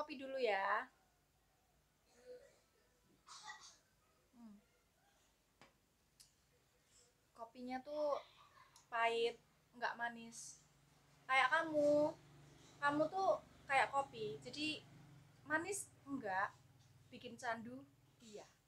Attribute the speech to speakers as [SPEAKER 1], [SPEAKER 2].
[SPEAKER 1] kopi dulu ya. Hmm.
[SPEAKER 2] Kopinya tuh pahit, nggak manis. Kayak kamu, kamu tuh kayak kopi, jadi manis enggak, bikin candu iya.